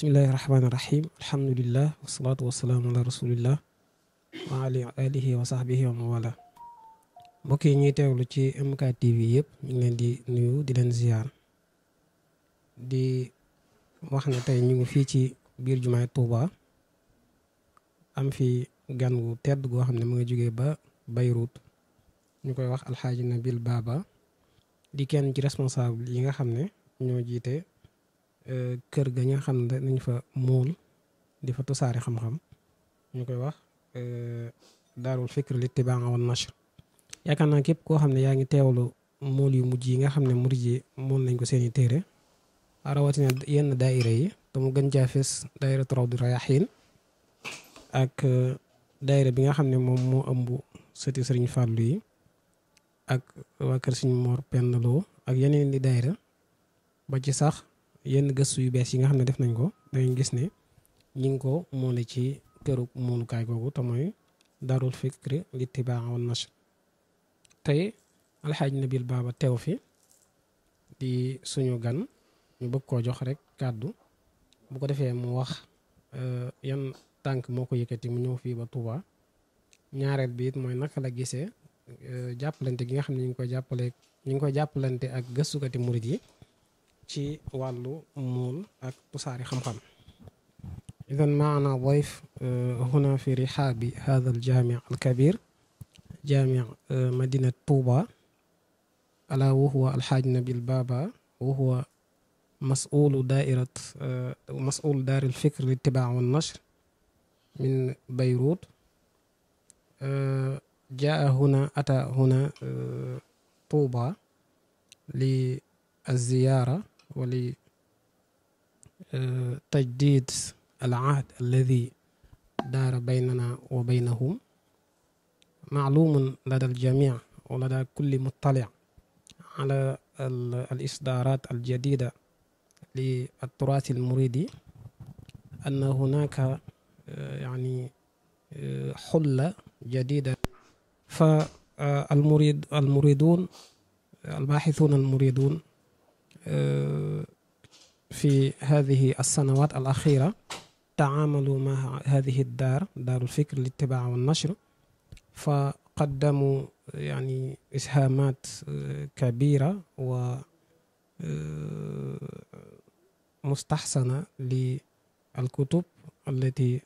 bismillahi rahmaani rahim alhamdulilah wasalaatu wasalaamu ala rasulillah wa ala alihi wa sahbihi wa mawala mbokk yi ñuy teewlu ci MK TV yëpp ñu ngi leen di nuyu di leen ziar di wax ne tey ñu ngi fii ci biir jumaa Touba am fi gan gu tedd goo xam ne mu ngi jóge ba Bayruut ñu koy wax alxaaji Nabil Baba di kenn ci responsable yi nga xam ne ñoo jiite Euh, kër ga ñu xam ne nañ fa muul di fa tasaare xam-xam ñu koy wax euh, daarul fikr li tibaa wan nashr yaakaar naa képp koo xam ne yaa ngi teewlu mool yu mujj yi nga xam ne murid yi mool nañ ko seen i téere rawatina yenn daaira yi te mu gën caa fees du Rawdu Rayaahiin ak euh, daaira bi nga xam ne moom moo ëmb sëti sëriñ Fàllu yi ak waa kër Sëriñ Mor Penn Lo ak yeneen di daaira ba ci sax yenn gëstu yu bees yi nga xam ne def nañ ko dangeen gis ne ñi ngi ko moole ci këru moolukaay googu te mooy darul fikri litibaa wal nash tey alxaaj nabil baaba teew fi di suñu gan ñu bëgg koo jox rek kàddu bu ko defee mu wax euh, yan tànk moo ko yëkkati mu ñëw fii ba Touba ñaareel bi mooy naka la gisee euh, jàppalante gi nga xam ne ñu ngi koy jàppale ñu ngi koy jàppalante ak gëstukati murit yi ci wàllu mool ak tusaari xam-xam idan maana dayf eh, huna fi rihaabi hada aljami alkabir jami eh, madinat tuuba ala wa huwa alxaaj nabil baaba wa huwa masulu dairat eh, masulu daari alfikr litibaa wa nashr min beyrut jaa huna ata huna tuuba li alziyaara ولتجديد العهد الذي دار بيننا وبينهم معلوم لدى الجميع ولدى كل مطلع على الإصدارات الجديدة للتراث المريدي أن هناك يعني حلة جديدة فالمريد المريدون الباحثون المريدون في هذه السنوات الأخيرة تعاملوا مع هذه الدار دار الفكر للطباعة والنشر فقدموا يعني إسهامات كبيرة و مستحسنة للكتب التي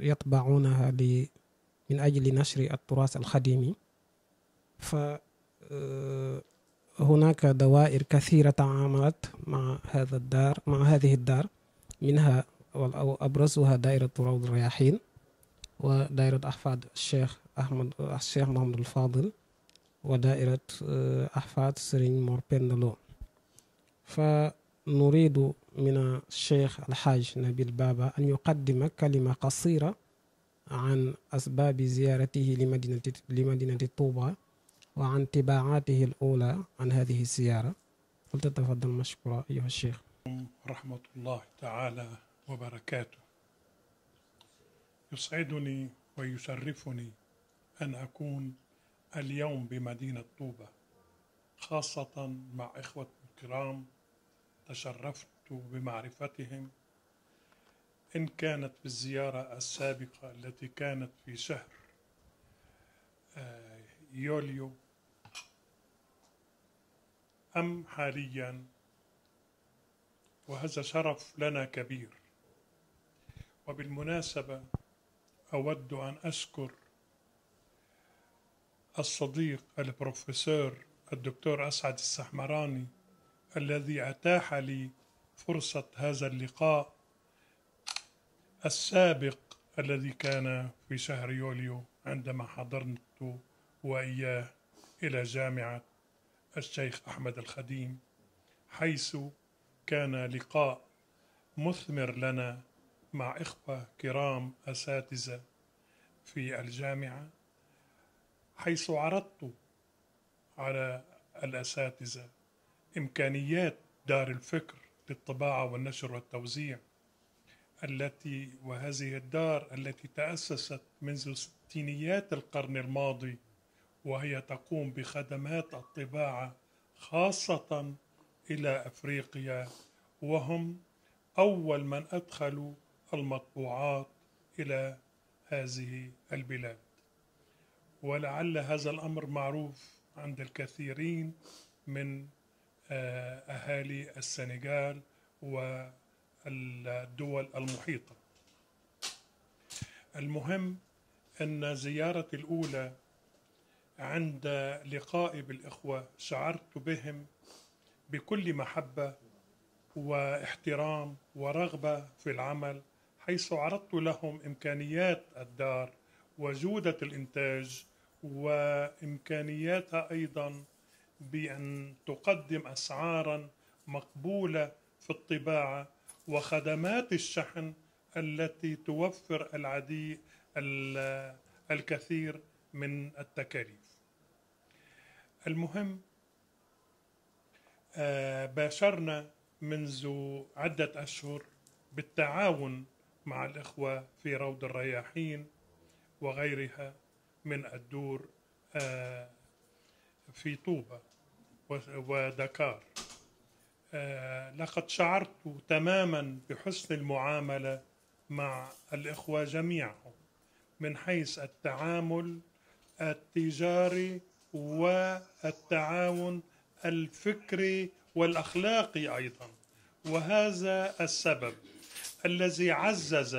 يطبعونها من أجل نشر التراث الخديمي ف هناك دوائر كثيرة تعاملت مع هذا الدار مع هذه الدار منها وأبرزها دائرة روض الرياحين ودائرة أحفاد الشيخ أحمد الشيخ محمد الفاضل ودائرة أحفاد سرين موربندلو فنريد من الشيخ الحاج نبيل بابا أن يقدم كلمة قصيرة عن أسباب زيارته لمدينة لمدينة طوبى wa an tibaatihi al ula an hadihi siyaara fal tatafaddal mashkura ayyuha cheikh rahmatullah taala wa barakatuh يسعدني ويشرفني أن أكون اليوم بمدينة طوبة خاصة مع إخوة الكرام تشرفت بمعرفتهم إن كانت في الزيارة السابقة التي كانت في شهر يوليو أم حاليا وهذا شرف لنا كبير وبالمناسبة أود أن أشكر الصديق البروفيسور الدكتور أسعد السحمراني الذي أتاح لي فرصة هذا اللقاء السابق الذي كان في شهر يوليو عندما حضرت وإياه إلى جامعة الشيخ أحمد الخديم حيث كان لقاء مثمر لنا مع إخوة كرام أساتذة في الجامعة حيث عرضت على الأساتذة إمكانيات دار الفكر للطباعة والنشر والتوزيع التي وهذه الدار التي تأسست منذ ستينيات القرن الماضي وهي تقوم بخدمات الطباعة خاصة إلى أفريقيا وهم أول من أدخلوا المطبوعات إلى هذه البلاد ولعل هذا الأمر معروف عند الكثيرين من أهالي السنغال والدول المحيطة المهم أن زيارتي الأولى عند لقائي بالاخوه شعرت بهم بكل محبه واحترام ورغبه في العمل حيث عرضت لهم امكانيات الدار وجوده الانتاج وامكانياتها ايضا بان تقدم اسعارا مقبوله في الطباعه وخدمات الشحن التي توفر العديد الكثير من التكاليف المهم باشرنا منذ عدة أشهر بالتعاون مع الإخوة في روض الرياحين وغيرها من الدور في طوبة ودكار لقد شعرت تماما بحسن المعاملة مع الإخوة جميعهم من حيث التعامل التجاري والتعاون الفكري والاخلاقي ايضا وهذا السبب الذي عزز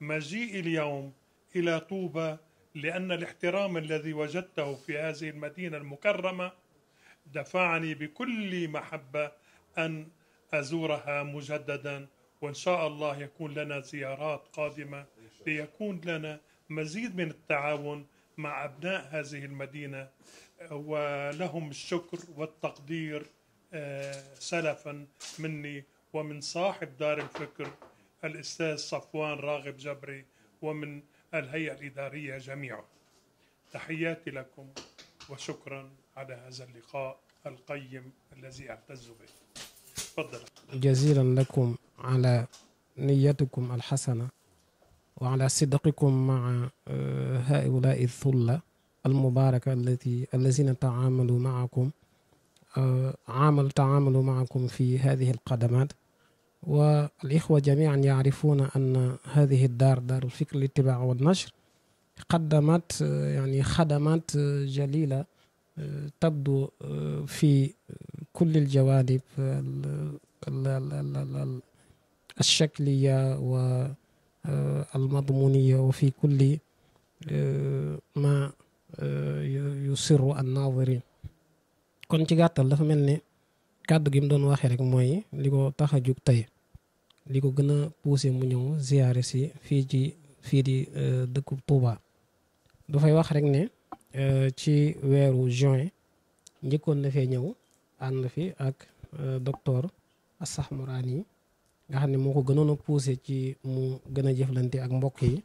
مجيء اليوم الى طوبى لان الاحترام الذي وجدته في هذه المدينه المكرمه دفعني بكل محبه ان ازورها مجددا وان شاء الله يكون لنا زيارات قادمه ليكون لنا مزيد من التعاون مع أبناء هذه المدينة ولهم الشكر والتقدير سلفا مني ومن صاحب دار الفكر الأستاذ صفوان راغب جبري ومن الهيئة الإدارية جميعا تحياتي لكم وشكرا على هذا اللقاء القيم الذي أعتز به تفضل جزيلا لكم على نيتكم الحسنه wa ala sidqikum maa haulai thulla almubaraka allati allazina taamalu maakum amal taamalu maakum fi hadihi alqadamat wa alixwa jamian yacrifuna anna hadihi daar daaru lfikr litibaa wannashr xadamat yani xadamat jalila tabdu fi kulli aljawanib alshakliya wa almadmuniya wa fi kulli ma yu sirru an naadirin kon ci gàttal dafa mel ne kàddu gi mu doon waxee rek mooy li ko tax a jug tey li ko gën a poussé mu ñëw ziyaare si fii ci fii di euh, dëkku Touba dafay wax rek ne euh, ci weeru juin njëkkoon na fee ñëw ànd fi ak euh, docteur Assax Muraani nga xam ne moo ko gënoon a poussé ci mu gën a jëflante ak mbokk yi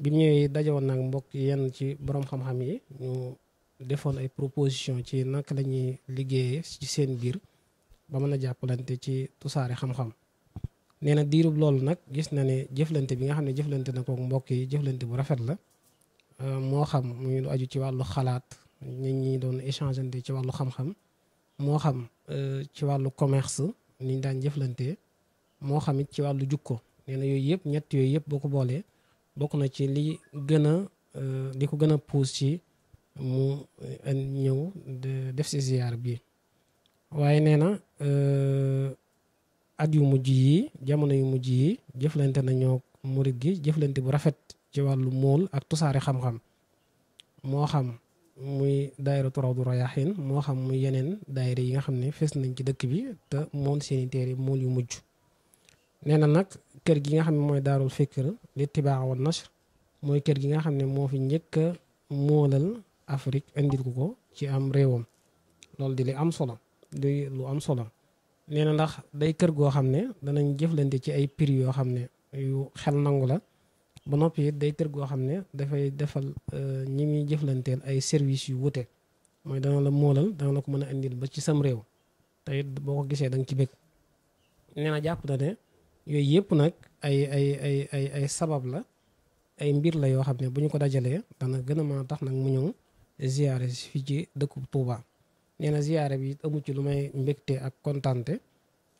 bi ñëwee dajewoon nag mbokk yenn ci boroom xam-xam yi ñu defoon ay proposition ci naka la liggéeye ci seen biir ba mën a jàppalante ci tusaare xam-xam nee na diirub loolu nag gis na ne jëflante bi nga xam ne jëflante na ko mbokk yi jëflante bu rafet la euh, moo xam muy lu aju ci wàllu xalaat nit ñi doon échangeante ci wàllu xam-xam moo xam euh, ci wàllu commerce niñ daan jëflante moo xam it ci wàllu jukko nee na yooyu yëpp ñett yooyu yëpp boo ko boolee bokk na ci li gën a euh, li ko gën a puus ci mu euh, ñëw def si ziar bi waaye nee na euh, at yu mujj yi jamono yu mujj yi jëflante nañoo murit gi jëflante bu rafet ci wàllu mool ak tusaare xam-xam moo xam muy daayira Rawdu Rayaahiin moo xam muy yeneen daayira yi nga xam ne fes nañ ci dëkk bi te moom seeni téere mool yu mujj nee na nag kër gi nga xam ne mooy daarul fikr li tibaa wa nashr mooy kër gi nga xam ne moo fi njëkk a moolal Afrique indil ko ko ci am réewam loolu di li am solo di lu am solo nee na ndax day kër goo xam ne danañ jëflante ci ay prix yoo xam ne yu xel nangu la ba noppi it day kër goo xam ne dafay defal euh, ñi muy jëflanteel ay services yu wute mooy dana la moolal dana la ko mën a indil ba ci sam réew te it boo ko gisee da nga ci bëgg nee jàpp na ne yooyu yëpp nag ay ay ay ay ay sabab la ay mbir la yoo xam ne bu ñu ko dajalee dana gën a mën a tax nag mu ñëw ziyaare fii ci dëkku Touba nee na ziyaare bi amu ci lu may mbégte ak kontante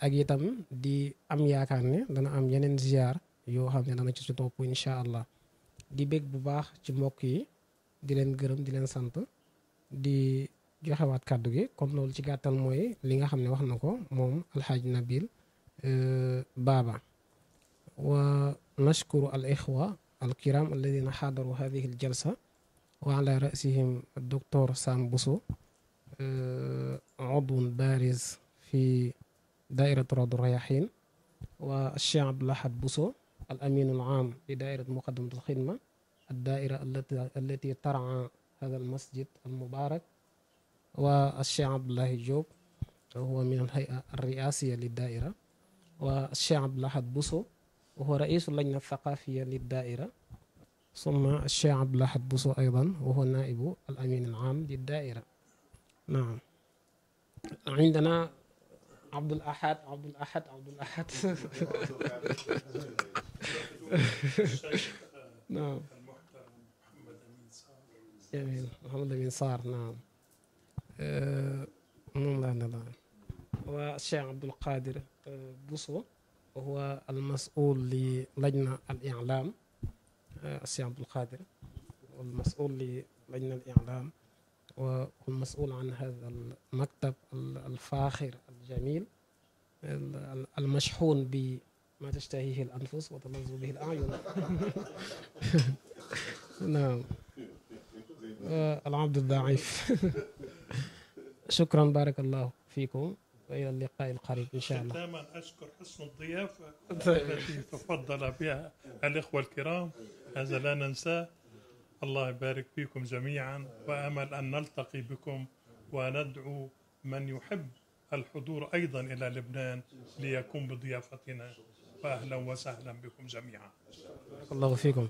ak itam di am yaakaar ne dana am yeneen ziyaar yoo xam ne dana ci su topp incha allah di bég bu baax ci mbokk yi di leen gërëm di leen sant di joxewaat kàddu gi kon loolu ci gàttal mooy li nga xam ne wax na ko moom Alxaaji Nabil بابا ونشكر الإخوة الكرام الذين حضروا هذه الجلسة وعلى رأسهم الدكتور سام بوسو عضو بارز في دائرة روض الرياحين والشيخ عبد الأحد بوسو الأمين العام لدائرة مقدمة الخدمة الدائرة التي التي ترعى هذا المسجد المبارك والشيخ عبد الله جوب هو من الهيئة الرئاسية للدائرة والشيخ عبد الأحد بوسو وهو رئيس اللجنة الثقافية للدائرة ثم الشيخ عبد الأحد بوسو أيضا وهو نائب الأمين العام للدائرة نعم عندنا عبد الأحد عبد الأحد عبد الأحد نعم جميل محمد بن صار نعم أه... وشيخ عبد القادر بوصو وهو المسؤول للجنة الإعلام الشيخ عبد القادر والمسؤول للجنة الإعلام والمسؤول عن هذا المكتب الفاخر الجميل المشحون بما تشتهيه الأنفس وتلذ به الأعين نعم العبد الضعيف شكرا بارك الله فيكم والى اللقاء القريب ان شاء الله. ختاما اشكر حسن الضيافه التي تفضل بها الاخوه الكرام هذا لا ننساه الله يبارك فيكم جميعا وامل ان نلتقي بكم وندعو من يحب الحضور ايضا الى لبنان ليقوم بضيافتنا فاهلا وسهلا بكم جميعا. الله فيكم.